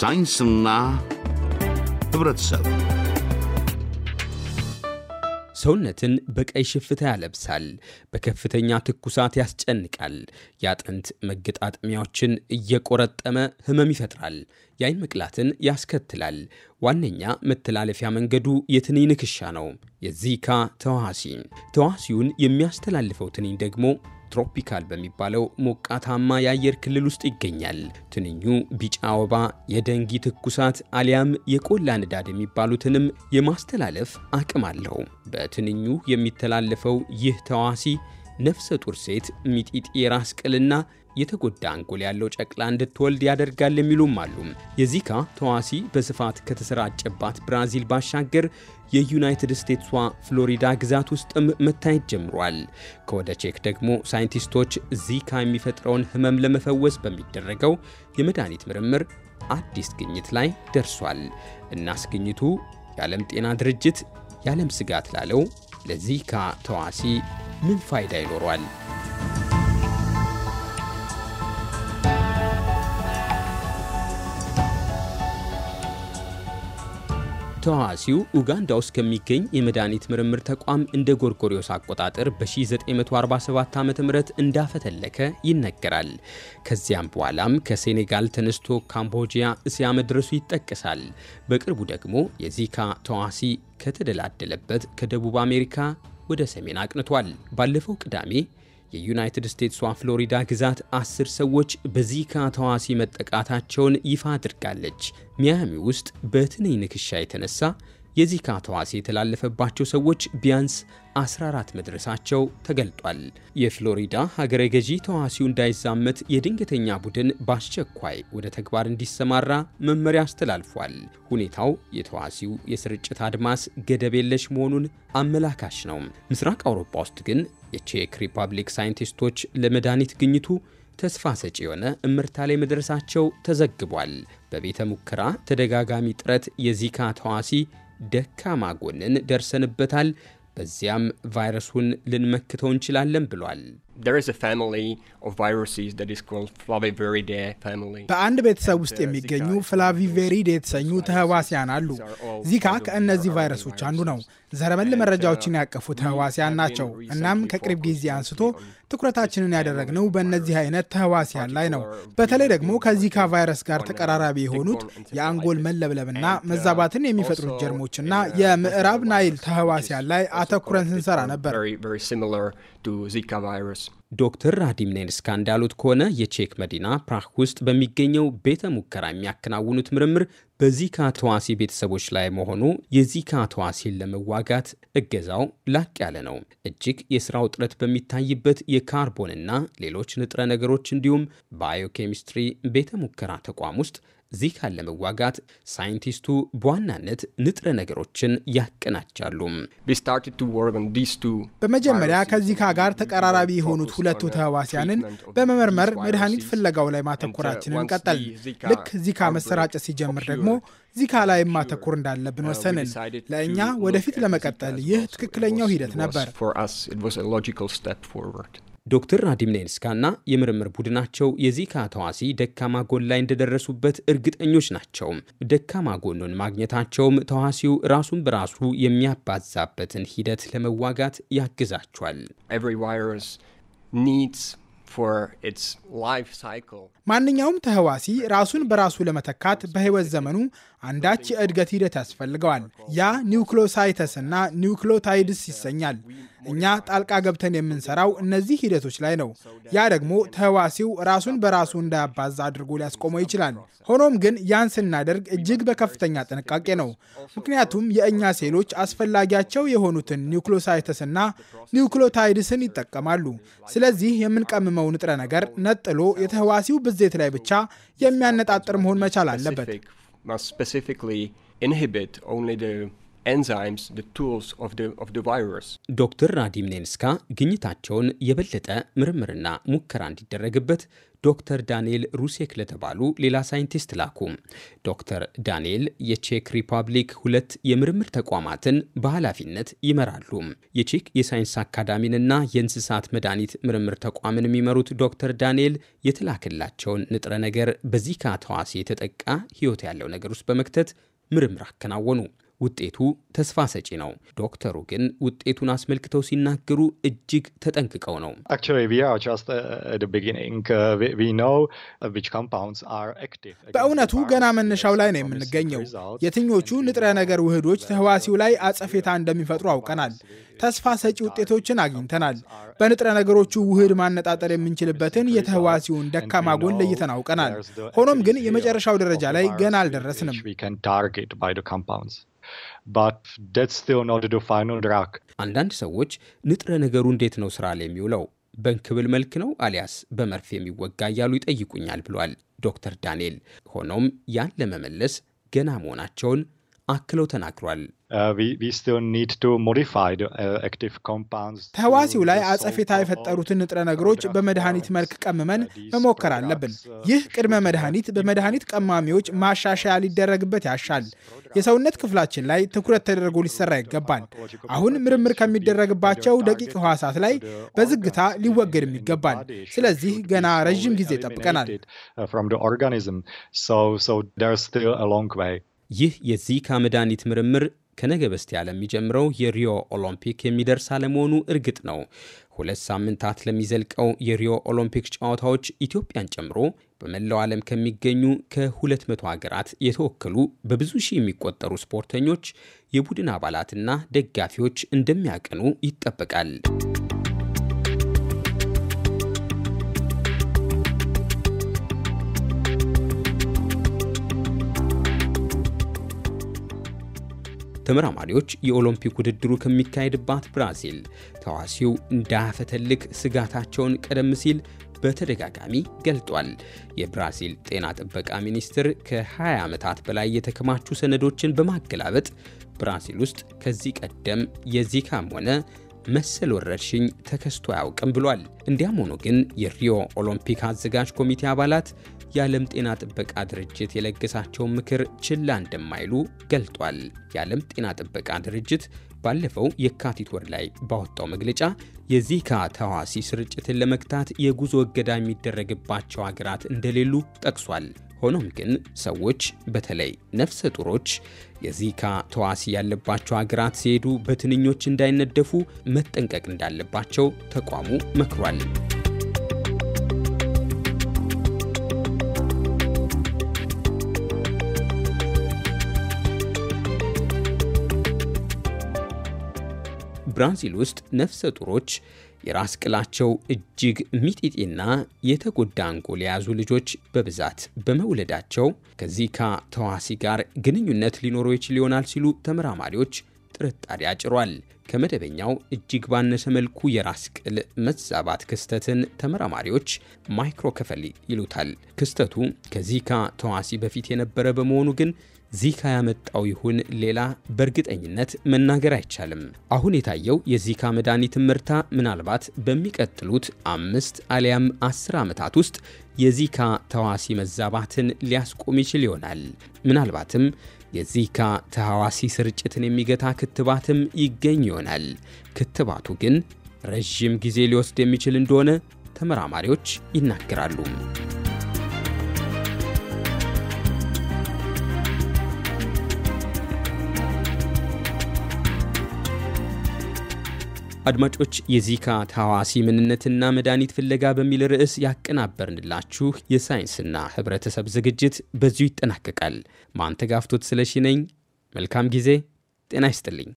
ሳይንስና ህብረተሰብ ሰውነትን በቀይ ሽፍታ ያለብሳል፣ በከፍተኛ ትኩሳት ያስጨንቃል፣ የአጥንት መገጣጠሚያዎችን እየቆረጠመ ህመም ይፈጥራል፣ የአይን መቅላትን ያስከትላል። ዋነኛ መተላለፊያ መንገዱ የትንኝ ንክሻ ነው፣ የዚካ ተዋሲ። ተዋሲውን የሚያስተላልፈው ትንኝ ደግሞ ትሮፒካል በሚባለው ሞቃታማ የአየር ክልል ውስጥ ይገኛል። ትንኙ ቢጫ ወባ፣ የደንጊ ትኩሳት አሊያም የቆላ ንዳድ የሚባሉትንም የማስተላለፍ አቅም አለው። በትንኙ የሚተላለፈው ይህ ተዋሲ ነፍሰ ጡር ሴት ሚጢጢ የራስ ቅልና የተጎዳ አንጎል ያለው ጨቅላ እንድትወልድ ያደርጋል የሚሉም አሉ። የዚካ ተዋሲ በስፋት ከተሰራጨባት ብራዚል ባሻገር የዩናይትድ ስቴትሷ ፍሎሪዳ ግዛት ውስጥም መታየት ጀምሯል። ከወደ ቼክ ደግሞ ሳይንቲስቶች ዚካ የሚፈጥረውን ህመም ለመፈወስ በሚደረገው የመድኃኒት ምርምር አዲስ ግኝት ላይ ደርሷል። እናስ ግኝቱ የዓለም ጤና ድርጅት የዓለም ስጋት ላለው ለዚካ ተዋሲ ምን ፋይዳ ይኖሯል? ተዋሲው ኡጋንዳ ውስጥ ከሚገኝ የመድኃኒት ምርምር ተቋም እንደ ጎርጎሪዮስ አቆጣጠር በ1947 ዓ ም እንዳፈተለከ ይነገራል። ከዚያም በኋላም ከሴኔጋል ተነስቶ ካምቦጂያ፣ እስያ መድረሱ ይጠቀሳል። በቅርቡ ደግሞ የዚካ ተዋሲ ከተደላደለበት ከደቡብ አሜሪካ ወደ ሰሜን አቅንቷል። ባለፈው ቅዳሜ የዩናይትድ ስቴትሷ ፍሎሪዳ ግዛት አስር ሰዎች በዚካ ተዋሲ መጠቃታቸውን ይፋ አድርጋለች። ሚያሚ ውስጥ በትንኝ ንክሻ የተነሳ የዚካ ተዋሲ የተላለፈባቸው ሰዎች ቢያንስ 14 መድረሳቸው ተገልጧል። የፍሎሪዳ ሀገረ ገዢ ተዋሲው እንዳይዛመት የድንገተኛ ቡድን በአስቸኳይ ወደ ተግባር እንዲሰማራ መመሪያ አስተላልፏል። ሁኔታው የተዋሲው የስርጭት አድማስ ገደብ የለሽ መሆኑን አመላካች ነው። ምስራቅ አውሮፓ ውስጥ ግን የቼክ ሪፐብሊክ ሳይንቲስቶች ለመድኃኒት ግኝቱ ተስፋ ሰጪ የሆነ እምርታ ላይ መድረሳቸው ተዘግቧል። በቤተ ሙከራ ተደጋጋሚ ጥረት የዚካ ተዋሲ ደካማ ጎንን ደርሰንበታል፣ በዚያም ቫይረሱን ልንመክተው እንችላለን ብሏል። በአንድ ቤተሰብ ውስጥ የሚገኙ ፍላቪቬሪድ የተሰኙ ተህዋስያን አሉ። ዚካ ከእነዚህ ቫይረሶች አንዱ ነው። ዘረመል መረጃዎችን ያቀፉ ተህዋስያን ናቸው። እናም ከቅርብ ጊዜ አንስቶ ትኩረታችንን ያደረግነው በእነዚህ አይነት ተህዋሲያን ላይ ነው። በተለይ ደግሞ ከዚካ ቫይረስ ጋር ተቀራራቢ የሆኑት የአንጎል መለብለብና መዛባትን የሚፈጥሩት ጀርሞችና የምዕራብ ናይል ተህዋሲያን ላይ አተኩረን ስንሰራ ነበር። ዶክተር ራዲም ኔልስካ እንዳሉት ከሆነ የቼክ መዲና ፕራክ ውስጥ በሚገኘው ቤተ ሙከራ የሚያከናውኑት ምርምር በዚካ ተዋሲ ቤተሰቦች ላይ መሆኑ የዚካ ተዋሲን ለመዋጋት እገዛው ላቅ ያለ ነው። እጅግ የስራ ውጥረት በሚታይበት የካርቦንና ሌሎች ንጥረ ነገሮች እንዲሁም ባዮኬሚስትሪ ቤተ ሙከራ ተቋም ውስጥ ዚካን ለመዋጋት ሳይንቲስቱ በዋናነት ንጥረ ነገሮችን ያቀናጫሉ። በመጀመሪያ ከዚካ ጋር ተቀራራቢ የሆኑት ሁለቱ ተህዋሲያንን በመመርመር መድኃኒት ፍለጋው ላይ ማተኮራችንን ቀጠል። ልክ ዚካ መሰራጨት ሲጀምር ደግሞ ዚካ ላይ ማተኮር እንዳለብን uh, ወሰንን። ለእኛ ወደፊት ለመቀጠል ይህ ትክክለኛው ሂደት ነበር። ዶክተር ናዲም ኔንስካና የምርምር ቡድናቸው የዚካ ተዋሲ ደካማ ጎን ላይ እንደደረሱበት እርግጠኞች ናቸው። ደካማ ጎኑን ማግኘታቸውም ተዋሲው ራሱን በራሱ የሚያባዛበትን ሂደት ለመዋጋት ያግዛቸዋል። ማንኛውም ተህዋሲ ራሱን በራሱ ለመተካት በህይወት ዘመኑ አንዳች የእድገት ሂደት ያስፈልገዋል። ያ ኒውክሎሳይተስ እና ኒውክሎታይድስ ይሰኛል። እኛ ጣልቃ ገብተን የምንሰራው እነዚህ ሂደቶች ላይ ነው። ያ ደግሞ ተህዋሲው ራሱን በራሱ እንዳያባዛ አድርጎ ሊያስቆመው ይችላል። ሆኖም ግን ያን ስናደርግ እጅግ በከፍተኛ ጥንቃቄ ነው። ምክንያቱም የእኛ ሴሎች አስፈላጊያቸው የሆኑትን ኒውክሎሳይተስና ኒውክሎታይድስን ይጠቀማሉ። ስለዚህ የምንቀምመው ንጥረ ነገር ነጥሎ የተህዋሲው ብዜት ላይ ብቻ የሚያነጣጥር መሆን መቻል አለበት። enzymes the tools of the of the virus ዶክተር ናዲም ኔንስካ ግኝታቸውን የበለጠ ምርምርና ሙከራ እንዲደረግበት ዶክተር ዳንኤል ሩሴክ ለተባሉ ሌላ ሳይንቲስት ላኩ። ዶክተር ዳንኤል የቼክ ሪፐብሊክ ሁለት የምርምር ተቋማትን በኃላፊነት ይመራሉ። የቼክ የሳይንስ አካዳሚንና የእንስሳት መድኃኒት ምርምር ተቋምን የሚመሩት ዶክተር ዳንኤል የተላከላቸውን ንጥረ ነገር በዚካ ተዋሲ የተጠቃ ሕይወት ያለው ነገር ውስጥ በመክተት ምርምር አከናወኑ። ውጤቱ ተስፋ ሰጪ ነው። ዶክተሩ ግን ውጤቱን አስመልክተው ሲናገሩ እጅግ ተጠንቅቀው ነው። uh, uh, uh, በእውነቱ ገና መነሻው ላይ ነው የምንገኘው። የትኞቹ ንጥረ ነገር ውህዶች ተህዋሲው ላይ አጸፌታ እንደሚፈጥሩ አውቀናል። ተስፋ ሰጪ ውጤቶችን አግኝተናል። በንጥረ ነገሮቹ ውህድ ማነጣጠር የምንችልበትን የተህዋሲውን ደካማ ጎን ለይተን አውቀናል። ሆኖም ግን የመጨረሻው ደረጃ ላይ ገና አልደረስንም። አንዳንድ ሰዎች ንጥረ ነገሩ እንዴት ነው ስራ ላይ የሚውለው በእንክብል መልክ ነው አሊያስ በመርፌ የሚወጋ እያሉ ይጠይቁኛል ብሏል ዶክተር ዳንኤል። ሆኖም ያን ለመመለስ ገና መሆናቸውን አክለው ተናግሯል። Uh, uh, ተህዋሲው ላይ አጸፌታ የፈጠሩትን ንጥረ ነገሮች በመድኃኒት መልክ ቀምመን uh, መሞከር አለብን። ይህ ቅድመ መድኃኒት በመድኃኒት ቀማሚዎች ማሻሻያ ሊደረግበት ያሻል። የሰውነት ክፍላችን ላይ ትኩረት ተደርጎ ሊሰራ ይገባል። አሁን ምርምር ከሚደረግባቸው ደቂቅ ህዋሳት ላይ በዝግታ ሊወገድም ይገባል። ስለዚህ ገና ረዥም ጊዜ ጠብቀናል። ይህ የዚካ መድኃኒት ምርምር ከነገ በስቲያ ለሚጀምረው የሪዮ ኦሎምፒክ የሚደርስ አለመሆኑ እርግጥ ነው። ሁለት ሳምንታት ለሚዘልቀው የሪዮ ኦሎምፒክ ጨዋታዎች ኢትዮጵያን ጨምሮ በመላው ዓለም ከሚገኙ ከ200 ሀገራት የተወከሉ በብዙ ሺህ የሚቆጠሩ ስፖርተኞች፣ የቡድን አባላትና ደጋፊዎች እንደሚያቀኑ ይጠበቃል። ተመራማሪዎች የኦሎምፒክ ውድድሩ ከሚካሄድባት ብራዚል ተዋሲው እንዳያፈተልክ ስጋታቸውን ቀደም ሲል በተደጋጋሚ ገልጧል። የብራዚል ጤና ጥበቃ ሚኒስትር ከ20 ዓመታት በላይ የተከማቹ ሰነዶችን በማገላበጥ ብራዚል ውስጥ ከዚህ ቀደም የዚካም ሆነ መሰል ወረርሽኝ ተከስቶ አያውቅም ብሏል። እንዲያም ሆኖ ግን የሪዮ ኦሎምፒክ አዘጋጅ ኮሚቴ አባላት የዓለም ጤና ጥበቃ ድርጅት የለገሳቸውን ምክር ችላ እንደማይሉ ገልጧል። የዓለም ጤና ጥበቃ ድርጅት ባለፈው የካቲት ወር ላይ ባወጣው መግለጫ የዚካ ተዋሲ ስርጭትን ለመግታት የጉዞ እገዳ የሚደረግባቸው ሀገራት እንደሌሉ ጠቅሷል። ሆኖም ግን ሰዎች በተለይ ነፍሰ ጡሮች የዚካ ተዋሲ ያለባቸው ሀገራት ሲሄዱ በትንኞች እንዳይነደፉ መጠንቀቅ እንዳለባቸው ተቋሙ መክሯል። ብራዚል ውስጥ ነፍሰ ጡሮች የራስ ቅላቸው እጅግ ሚጢጢና የተጎዳ አንጎል የያዙ ልጆች በብዛት በመውለዳቸው ከዚካ ተዋሲ ጋር ግንኙነት ሊኖረው ይችል ይሆናል ሲሉ ተመራማሪዎች ጥርጣሬ አጭሯል። ከመደበኛው እጅግ ባነሰ መልኩ የራስ ቅል መዛባት ክስተትን ተመራማሪዎች ማይክሮከፈሊ ይሉታል። ክስተቱ ከዚካ ተዋሲ በፊት የነበረ በመሆኑ ግን ዚካ ያመጣው ይሁን ሌላ በእርግጠኝነት መናገር አይቻልም። አሁን የታየው የዚካ መድኃኒት ምርታ ምናልባት በሚቀጥሉት አምስት አሊያም አስር ዓመታት ውስጥ የዚካ ተዋሲ መዛባትን ሊያስቆም ይችል ይሆናል ምናልባትም የዚካ ተሐዋሲ ስርጭትን የሚገታ ክትባትም ይገኝ ይሆናል። ክትባቱ ግን ረዥም ጊዜ ሊወስድ የሚችል እንደሆነ ተመራማሪዎች ይናገራሉ። አድማጮች የዚካ ታዋሲ ምንነትና መድኃኒት ፍለጋ በሚል ርዕስ ያቀናበርንላችሁ የሳይንስና ህብረተሰብ ዝግጅት በዚሁ ይጠናቀቃል። ማንተጋፍቶት ስለሺ ነኝ። መልካም ጊዜ። ጤና ይስጥልኝ።